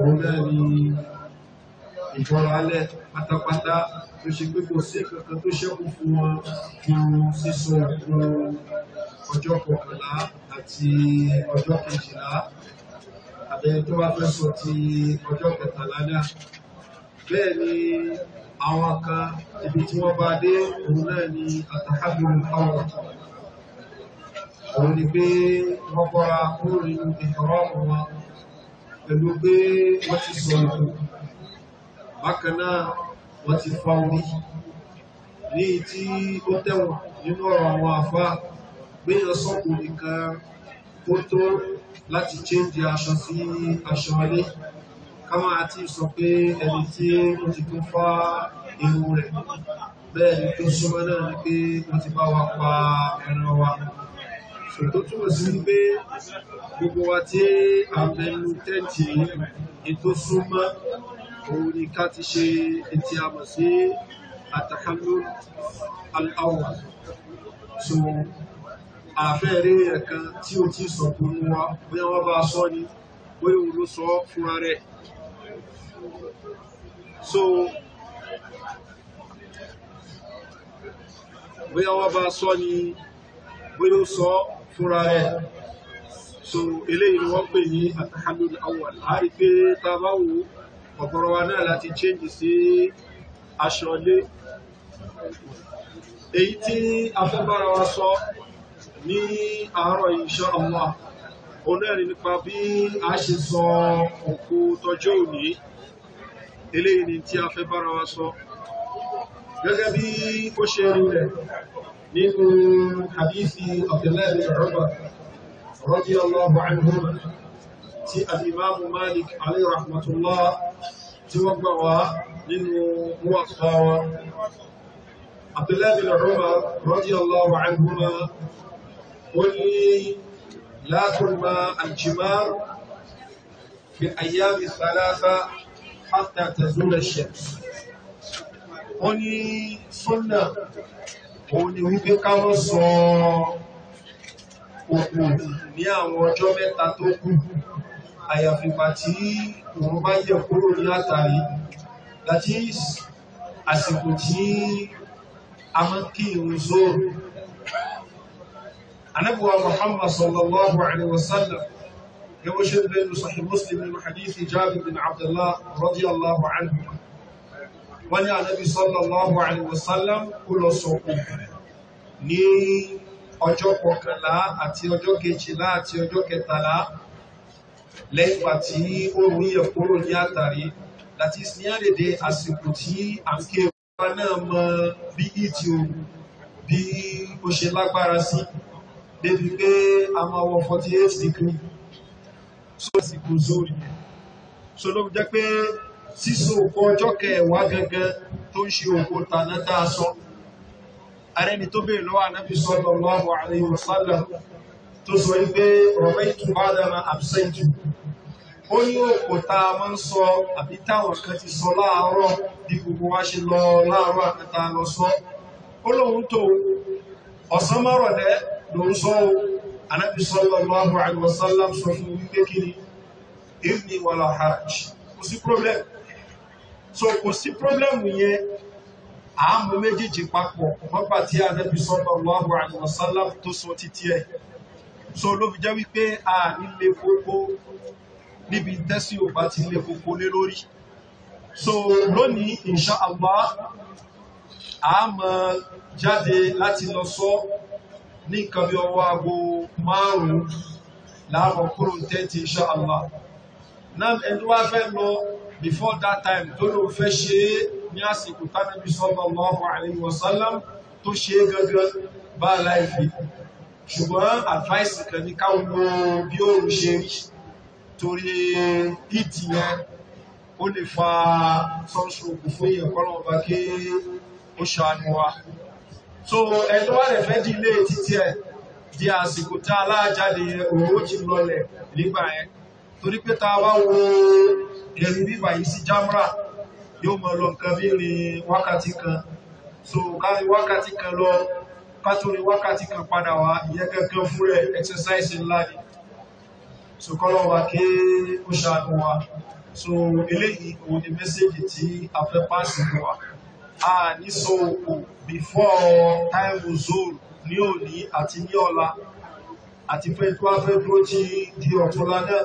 òun náà ni ìjọra alẹ́ pátápátá tó ṣe pé kò sí kankan tó ṣẹ́kù fún wọn ju sísun òkú ọjọ́ kọkànlá àti ọjọ́ kejìlá àbẹ̀yẹ tó wá fẹ́ sọ ti ọjọ́ kẹtàlá náà bẹ́ẹ̀ ni àwọn kan ibi tí wọ́n bá dé òun náà ni àtàkàbùrù káwọn òun ni pé wọ́n bọ́ra kúrò nínú ìkọ̀rọ̀ ọ̀hún wọn pẹ̀lú pé wọ́n ti sọ ìlú bákan náà wọ́n ti fa orí ní tí ó tẹ́wọ̀n nínú ọ̀rọ̀ àwọn àfá gbéyàn sọ́kù nìkan ó tó láti chéńjì aṣọ sí aṣọ alé kámá àti sọ pé ẹni tí ó ti tó fá irun rẹ̀ bẹ́ẹ̀ ni tó súnmọ́ náà ni pé wọ́n ti bá wa pa ẹran wa tó túmọ̀ sí pé gbogbo wa tí a mẹ́nu tẹ́ǹtì ètò súnmọ́ òun ni ká ti ṣe ètì àmọ̀ sí àtàkálò aláwọ̀ so àfẹ́rẹ́ ẹ̀kan tí ó ti sọ fún wa bóyá wọ́n bá sọ ni bóyá òun ló sọ fúnra rẹ̀ so bóyá wọ́n bá sọ ni bóyá ó sọ fúnra ẹ̀ so eléyìí ni wọ́n pè ní atahalul awwal a rí pé ta bá wo ọ̀pọ̀rọ̀ wa náà láti change sí aṣọ lé èyí tí a fẹ́ bára wa sọ ní àárọ̀ insha Allah onẹ́rin nípa bí a ṣe sọ òkú tọjọ́ òní eléyìí ni tí a fẹ́ bára wa sọ gẹ́gẹ́ bí ó ṣe rí rẹ̀ nínú hadithi abdullahi ọ̀rọ̀bà radiyallahu anhuma tí al-imam malik alayhi rahmatullah tí wọ́n gbà wá nínú muwasawa abdullahi ọ̀rọ̀bà radiyallahu anhuma wọ́n ní la tulma al-jimar fi ayyami thalatha hatta tazula ash-shams òun ni wípé ká mọ́ sọ òkú ní àwọn ọjọ́ mẹ́ta tó kù àyàfìgbà tí òun bá yẹ kúrò ní àtàrí that is àsìkò tí a mọ́ kí ìrun zoro anábùwà Muhammad sallallahu alaihi wasallam yawon ṣe bẹ́ẹ̀ Sahih Muslim min hadith Jabir bin Abdullah radiyallahu anhu wọ́n ní ànábì sallallahu alaihi wasallam kó lọ sọ̀kù ní ọjọ́ kọkànlá àti ọjọ́ kejìlá àti ọjọ́ kẹtàlá lẹ́yìn ìgbà tí oòrùn yẹ kúrò ní àtàrí láti ní àdèdè àsìkò tí à ń ké wa náà mọ bí ìtì ooru bí ó ṣe lágbára sí débi pé a máa wọ 48 degree so pé sísọ òkú ọjọ́ kẹwàá gangan tó ń ṣe òkú tàná dáasọ arẹni tó bèèrè lọ́wọ́ anábì sallallahu alaihi wasallam tó sọ wípé ọ̀rọ̀ ìtùbádàmà absentu ó ní òkú tá a máa ń sọ àbí táwọn kan ti sọ láàárọ̀ bí gbogbo wa ṣe lọ láàárọ̀ àkàtà lọ sọ ó lóun tó ọ̀sán márọ̀lẹ́ lòun sọ anábì sallallahu alaihi wasallam sọ fún wípé kiri ìfni wàlá haraj kò sí problem so kò sí pírọ́blẹ́mù yẹn à ń mú méjèèjì papọ̀ mọ́gbà tí Ànábì sallallahu alaihi wasallam tó sọ títí ẹ̀ so ló fi jẹ́ wípé a nílé kókó níbi tẹ́sí ò bá ti lè kókó lé lórí so lónìí insha Allah a máa jáde láti lọ sọ ní nǹkan bí ọwọ́ aago márùn-ún láàrọ̀ kúrò tẹ́tì insha Allah náà ẹni wá fẹ́ lọ before that time tó ló fẹ́ ṣe é ní àsìkò tánàbí sallallahu alaihi wasallam tó ṣe é gangan bá láìfi ṣùgbọ́n advice kan ní káwọn bí oòrùn ṣe rí torí ìtì yẹn ó lè fa sunstroke fún èèyàn kọ́lọ̀ kí ó ṣàánú so ẹ̀tọ́ wà lè fẹ́ di ilé títí ẹ̀ di àsìkò tá aláàjáde òun ó ti lọlẹ̀ nígbà yẹn torí pé ta bá wo ẹ̀rù bíbà yìí sí jamra yóò mọ̀ lọ nǹkan bí rin wákàtí kan so kárí wákàtí kan lọ kátórí wákàtí kan padà wá ìyẹn kankan exercise ńlá ni so kọ́lọ̀ wà kí ó ṣàánú wa so eléyìí òun ni mẹ́sẹ̀jì tí a fẹ́ pàṣẹ fún wa a ní so òkú before time zone ní òní àti ní ọ̀la àti fẹ́ tó wá fẹ́ dúró tí di ọ̀túnla náà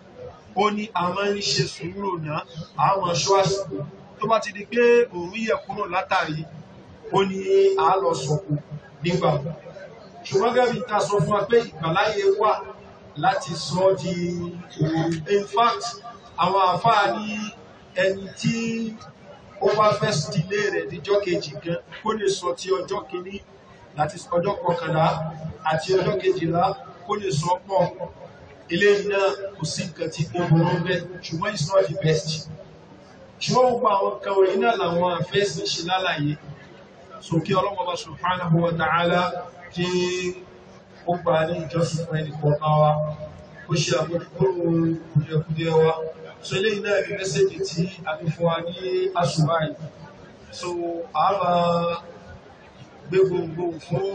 ó ní a máa ń ṣe sùúrù náà àwọn aṣọ àsìkò tó bá ti di pé òun yẹ kúrò látàrí ó ní a lọ nígbà ṣùgbọ́n gẹ́gẹ́ bí ta sọ fún wa pé ìgbàláyé wà láti sọ di in fact àwọn àfáà ní ẹni tí ó bá fẹ́ sílé rẹ̀ níjọ́ kejì gan kó lè sọ ti ọjọ́ kìíní láti ọjọ́ kọkànlá àti ọjọ́ kejìlá kó lè sọ pọ̀ ilé náà kò sí nǹkan tí ó burú bẹ́ẹ̀ ṣùgbọ́n it's not the best ṣùgbọ́n gbogbo àwọn kan wọ̀nyí náà làwọn àfẹ́sì ṣe lálàyé sókè ọlọ́mọba subhanahu wa ta'ala kí ó gbà ní ìjọsìn fún ẹnì kọ̀ọ̀kan wa ó ṣe àbójúkúrò kùdìẹ̀kùdìẹ̀ wa so ilé náà rí mẹ́sẹ̀jì tí a fi fún wa ní àṣùbá yìí so a máa gbé gbogbo fún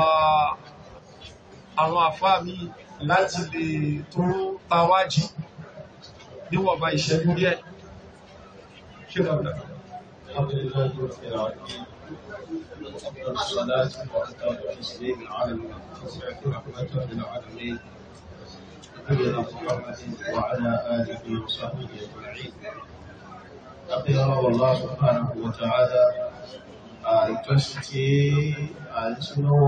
ah, àwọn àfáà mi láti lè tó tawájì níwọ̀nba ìṣẹ́jú díẹ̀ ṣe dáadáa والصلاة والسلام والتسليم على المبعوث رحمة للعالمين نبينا محمد وعلى آله وصحبه أجمعين. أخي الله سبحانه وتعالى ìjọsìn tí a ń súnmọ́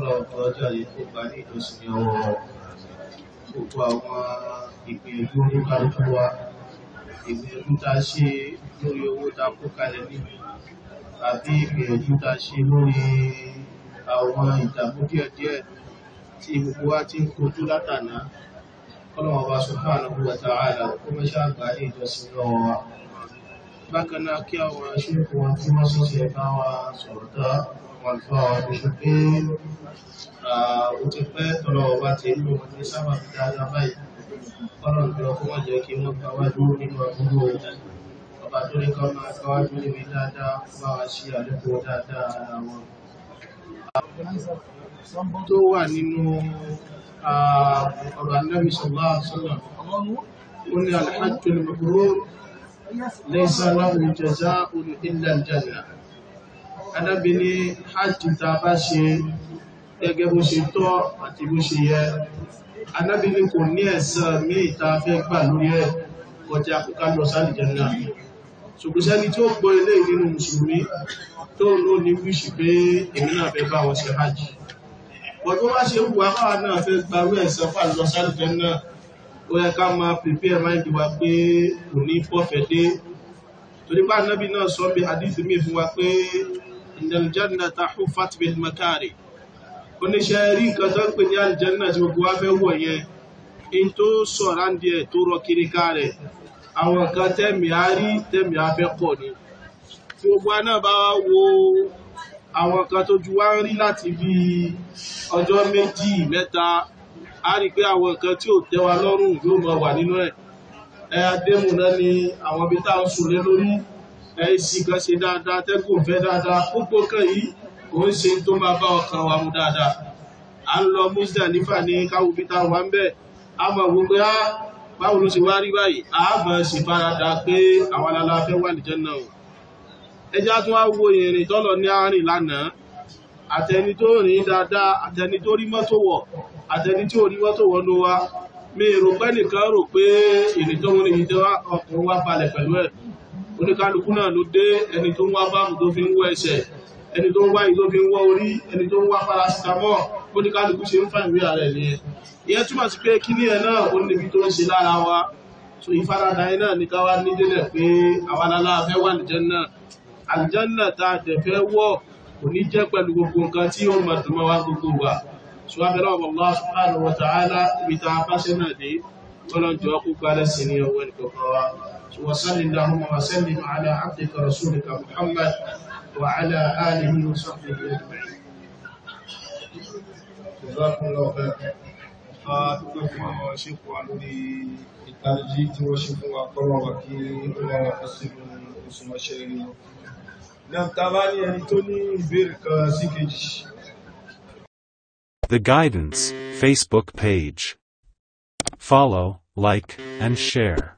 Ọlọ́run tó ọjọ́ yìí kó gba ní ìjọsìn ní ọwọ́ gbogbo àwọn ìgbìyànjú oníkàlùkù wa ìgbìyànjú tá a ṣe lórí owó tá a kó kalẹ̀ níbi àbí ìgbìyànjú tá a ṣe lórí àwọn ìdààmú díẹ̀díẹ̀ tí gbogbo wa ti ń kojú látàná Ọlọ́run wa subhanahu wa ta'ala kó mẹ́ṣẹ́ àgbà ìjọsìn ní wa والفائزين وتفات لو باتين ومن سبب دار بيت قرن بلوكما جاكي متواجو من وقلوب ọba tó ní kan máa kọwájú níbi dáadáa bá wa ṣe àlékò dáadáa ara wọn. àwọn tó wà nínú ọ̀rọ̀ anábì sallallahu alaihi wasallam al-hajjul mabrur laysa lahu jazaa'un illa anábi ní hajji ta bá ṣe gẹ́gẹ́ bó ṣe tọ́ àti bó ṣe yẹ anábi ní kò ní ẹ̀san mí ìta fẹ́ gbà lórí ẹ̀ kọjá àkókò lọ sáàlì jẹ́nà ṣùgbọ́sẹ́ni tí ó gbọ́ ilé nínú mùsùlùmí tó ló ní wíṣì pé èmi náà fẹ́ bá wọn ṣe hajji bọ̀dọ̀ wá yẹ ká máa pèpè ẹ̀máìdì wa pé kò ní pọ́fẹ́ dé torípá náà sọ bí àdífì mí fún wa pé ìdàlùjánà huffat bil makari oníṣẹ́ rí nǹkan tó ń pè ní àlùjánà tí gbogbo wa fẹ́ wọ̀ yẹn in tó sọ̀rọ̀ àǹdí ẹ̀ tó rọ kiri ká rẹ̀ àwọn nǹkan tẹ́mi á rí tẹ́mi á fẹ́ kọ̀ ni tí gbogbo wa náà bá wo àwọn nǹkan tó ju wá ń rí láti bí ọjọ́ méjì mẹ́ta a rí pé àwọn nǹkan tí ò tẹ́ wa lọ́rùn yóò máa wà nínú ẹ̀ ẹ̀ adémù náà ni àwọn ibi tá à ń sùn lé lórí ẹ̀sìn kan ṣe dáadáa tẹ́gùn fẹ́ dáadáa púpọ̀ kan yìí kò ń ṣe tó máa bá ọkàn wa mu dáadáa à ń lọ Muzdalifa ní káwọ́ bí táwọn wà ń bẹ̀ a mọ̀ gbogbo á ah, báwo ló ṣe wá rí báyìí a mọ̀ sí farada pé àwọn alára fẹ́ wà ní Jánnà o ẹjá tún wá wo ìrìn tọ́lọ ní àárín lánàá àtẹni tó rìn dáadáa àtẹni tó rí mọ́tò wọ̀ àtẹni tí ò rí mọ́tò wọ̀ ló wá mi rò pẹ́ nìkan rò pé ìrìn tó ń rìn ìjọba ọkùnrin wá balẹ̀ pẹ̀lú ẹ̀ oníkálukú náà ló dé ẹni tó ń wá báàmù tó fi ń wọ ẹsẹ̀ ẹni tó ń wá ìlò fi ń wọ orí ẹni tó ń wá parasitamọ́ oníkálukú ṣe ń fà ìwé ààrẹ nìyẹn ìyẹn túmọ̀ sí pé kí ní ẹ̀ náà ó níbi tó ń ṣe lára wa so ìfaradà yẹn náà ní ká wá ní délẹ̀ pé àwa lálá fẹ́ wà àlìjẹ́nà àlìjẹ́nà tá a dẹ̀ fẹ́ wọ̀ kò ní jẹ́ pẹ̀lú gbogbo nǹkan tí ó mọ̀ tó mọ́ wá gbogbo wa so abẹ́rẹ́ ọ̀bọ̀ Allah subhanahu wa ta'ala ibi tá a bá ṣe náà dé tọ́lọ́jọ́ kó gbálẹ̀ ní ọwọ́ ìkọ̀kọ̀ wa وصل اللهم وسلم على عبدك رسولك محمد وعلى آله وصحبه أجمعين جزاكم الله The Guidance Facebook page. Follow, like, and share.